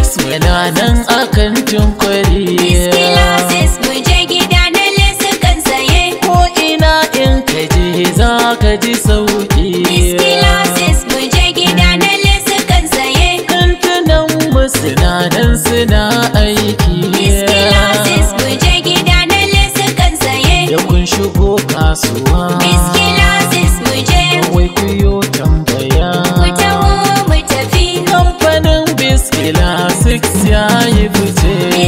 muna nan akan cin kwari mu je gida na lesu kan saye ko ina in ka je za ka ji sauki mu je gida na lesu kan saye kantunan mu suna nan suna aiki mu je gida na lesu kan saye da kun shigo kasuwa siya ya fice